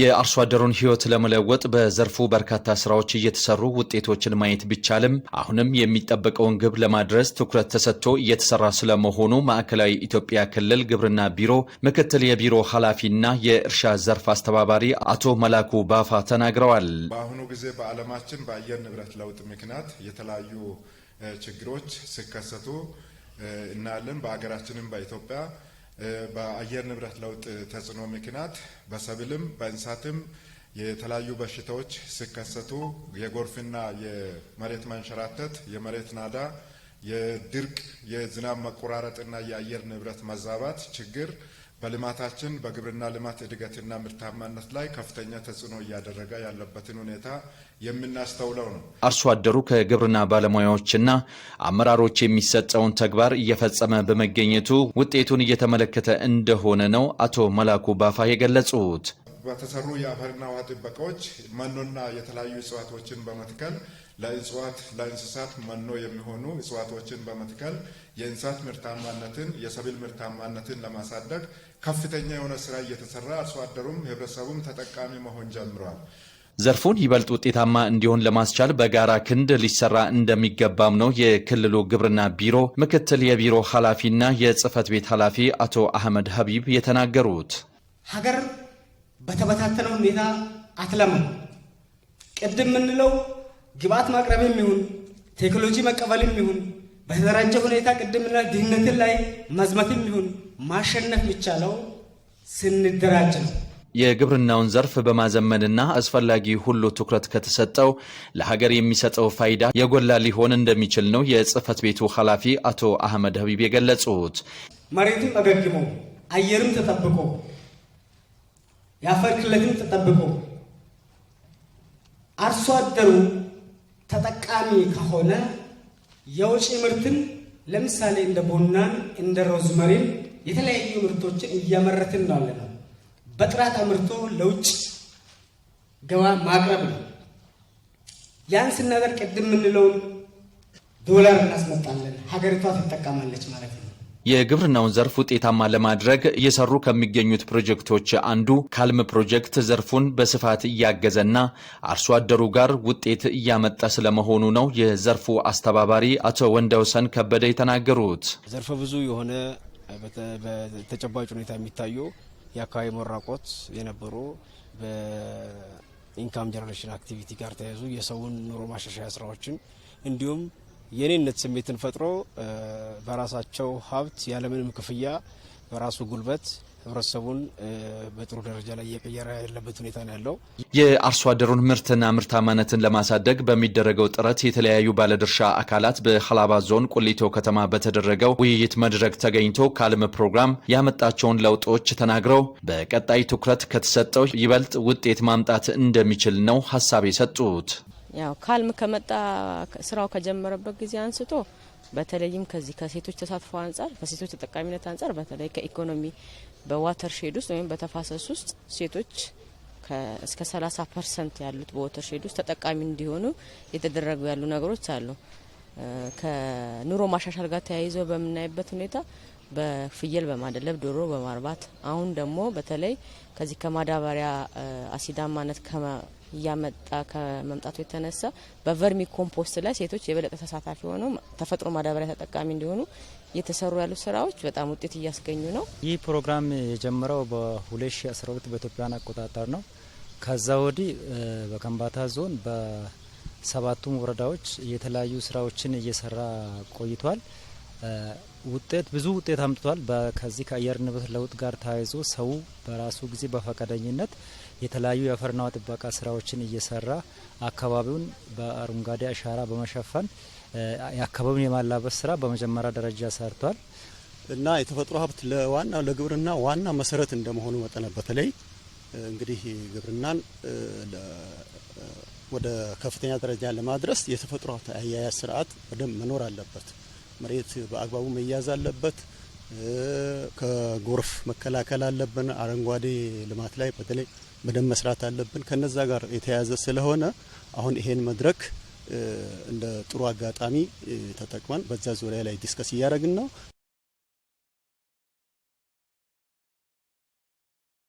የአርሶ አደሩን ህይወት ለመለወጥ በዘርፉ በርካታ ስራዎች እየተሰሩ ውጤቶችን ማየት ቢቻልም አሁንም የሚጠበቀውን ግብ ለማድረስ ትኩረት ተሰጥቶ እየተሰራ ስለመሆኑ ማዕከላዊ ኢትዮጵያ ክልል ግብርና ቢሮ ምክትል የቢሮ ኃላፊና የእርሻ ዘርፍ አስተባባሪ አቶ መላኩ ባፋ ተናግረዋል። በአሁኑ ጊዜ በዓለማችን በአየር ንብረት ለውጥ ምክንያት የተለያዩ ችግሮች ሲከሰቱ እናያለን። በሀገራችንም በኢትዮጵያ በአየር ንብረት ለውጥ ተጽዕኖ ምክንያት በሰብልም በእንስሳትም የተለያዩ በሽታዎች ሲከሰቱ የጎርፍና የመሬት መንሸራተት፣ የመሬት ናዳ፣ የድርቅ፣ የዝናብ መቆራረጥና የአየር ንብረት መዛባት ችግር በልማታችን በግብርና ልማት እድገትና ምርታማነት ላይ ከፍተኛ ተጽዕኖ እያደረገ ያለበትን ሁኔታ የምናስተውለው ነው። አርሶ አደሩ ከግብርና ባለሙያዎችና አመራሮች የሚሰጠውን ተግባር እየፈጸመ በመገኘቱ ውጤቱን እየተመለከተ እንደሆነ ነው አቶ መላኩ ባፋ የገለጹት። በተሰሩ የአፈርና ውሃ ጥበቃዎች መኖና የተለያዩ እጽዋቶችን በመትከል ለእጽዋት ለእንስሳት መኖ የሚሆኑ እጽዋቶችን በመትከል የእንስሳት ምርታማነትን የሰብል ምርታማነትን ለማሳደግ ከፍተኛ የሆነ ስራ እየተሰራ አርሶ አደሩም ህብረተሰቡም ተጠቃሚ መሆን ጀምረዋል። ዘርፉን ይበልጥ ውጤታማ እንዲሆን ለማስቻል በጋራ ክንድ ሊሰራ እንደሚገባም ነው የክልሉ ግብርና ቢሮ ምክትል የቢሮ ኃላፊና የጽህፈት ቤት ኃላፊ አቶ አህመድ ሀቢብ የተናገሩት። ሀገር በተበታተነ ሁኔታ አትለምም። ቅድም የምንለው ግብአት ማቅረብ የሚሆን ቴክኖሎጂ መቀበልም የሚሆን በተደራጀ ሁኔታ ቅድምና ድህነትን ላይ መዝመትም የሚሆን ማሸነፍ የሚቻለው ስንደራጅ ነው። የግብርናውን ዘርፍ በማዘመንና አስፈላጊ ሁሉ ትኩረት ከተሰጠው ለሀገር የሚሰጠው ፋይዳ የጎላ ሊሆን እንደሚችል ነው የጽህፈት ቤቱ ኃላፊ አቶ አህመድ ሀቢብ የገለጹት። መሬትም አገግሞ አየርም ተጠብቆ የአፈር ክለትም ተጠብቆ አርሶ አደሩ ተጠቃሚ ከሆነ የውጭ ምርትን ለምሳሌ እንደ ቡናን እንደ ሮዝመሪን የተለያዩ ምርቶችን እያመረትን ነው በጥራት አምርቶ ለውጭ ገባ ማቅረብ ነው። ያን ስናደርግ ቅድም የምንለውን ዶላር እናስመጣለን፣ ሀገሪቷ ትጠቀማለች ማለት ነው። የግብርናውን ዘርፍ ውጤታማ ለማድረግ እየሰሩ ከሚገኙት ፕሮጀክቶች አንዱ ካልም ፕሮጀክት ዘርፉን በስፋት እያገዘና አርሶ አደሩ ጋር ውጤት እያመጣ ስለመሆኑ ነው የዘርፉ አስተባባሪ አቶ ወንደውሰን ከበደ የተናገሩት። ዘርፈ ብዙ የሆነ በተጨባጭ ሁኔታ የሚታዩ የአካባቢ መራቆት የነበሩ በኢንካም ጀነሬሽን አክቲቪቲ ጋር ተያይዙ የሰውን ኑሮ ማሻሻያ ስራዎችን እንዲሁም የኔነት ስሜትን ፈጥሮ በራሳቸው ሀብት ያለምንም ክፍያ በራሱ ጉልበት ህብረተሰቡን በጥሩ ደረጃ ላይ እየቀየረ ያለበት ሁኔታ ነው ያለው። የአርሶ አደሩን ምርትና ምርታማነትን ለማሳደግ በሚደረገው ጥረት የተለያዩ ባለድርሻ አካላት በሀላባ ዞን ቁሊቶ ከተማ በተደረገው ውይይት መድረክ ተገኝቶ ካልም ፕሮግራም ያመጣቸውን ለውጦች ተናግረው በቀጣይ ትኩረት ከተሰጠው ይበልጥ ውጤት ማምጣት እንደሚችል ነው ሀሳብ የሰጡት። ያው ካልም ከመጣ ስራው ከጀመረበት ጊዜ አንስቶ በተለይም ከዚህ ከሴቶች ተሳትፎ አንጻር ከሴቶች ተጠቃሚነት አንጻር በተለይ ከኢኮኖሚ በዋተር ሼድ ውስጥ ወይም በተፋሰስ ውስጥ ሴቶች እስከ ሰላሳ ፐርሰንት ያሉት በዋተር ሼድ ውስጥ ተጠቃሚ እንዲሆኑ የተደረጉ ያሉ ነገሮች አሉ። ከኑሮ ማሻሻል ጋር ተያይዞ በምናይበት ሁኔታ በፍየል በማደለብ ዶሮ በማርባት አሁን ደግሞ በተለይ ከዚህ ከማዳበሪያ አሲዳማነት እያመጣ ከመምጣቱ የተነሳ በቨርሚ ኮምፖስት ላይ ሴቶች የበለጠ ተሳታፊ ሆነው ተፈጥሮ ማዳበሪያ ተጠቃሚ እንዲሆኑ እየተሰሩ ያሉ ስራዎች በጣም ውጤት እያስገኙ ነው። ይህ ፕሮግራም የጀመረው በ2012 በኢትዮጵያን አቆጣጠር ነው። ከዛ ወዲህ በከምባታ ዞን በሰባቱም ወረዳዎች የተለያዩ ስራዎችን እየሰራ ቆይቷል። ውጤት ብዙ ውጤት አምጥቷል። ከዚህ ከአየር ንብረት ለውጥ ጋር ተያይዞ ሰው በራሱ ጊዜ በፈቃደኝነት የተለያዩ የአፈርና ውሃ ጥበቃ ስራዎችን እየሰራ አካባቢውን በአረንጓዴ አሻራ በመሸፈን የአካባቢውን የማላበስ ስራ በመጀመሪያ ደረጃ ሰርቷል እና የተፈጥሮ ሀብት ለዋና ለግብርና ዋና መሰረት እንደመሆኑ መጠነ በተለይ እንግዲህ ግብርናን ወደ ከፍተኛ ደረጃ ለማድረስ የተፈጥሮ ሀብት አያያዝ ስርዓት በደንብ መኖር አለበት። መሬት በአግባቡ መያዝ አለበት። ከጎርፍ መከላከል አለብን። አረንጓዴ ልማት ላይ በተለይ በደንብ መስራት አለብን። ከነዛ ጋር የተያያዘ ስለሆነ አሁን ይሄን መድረክ እንደ ጥሩ አጋጣሚ ተጠቅመን በዛ ዙሪያ ላይ ዲስከስ እያደረግን ነው።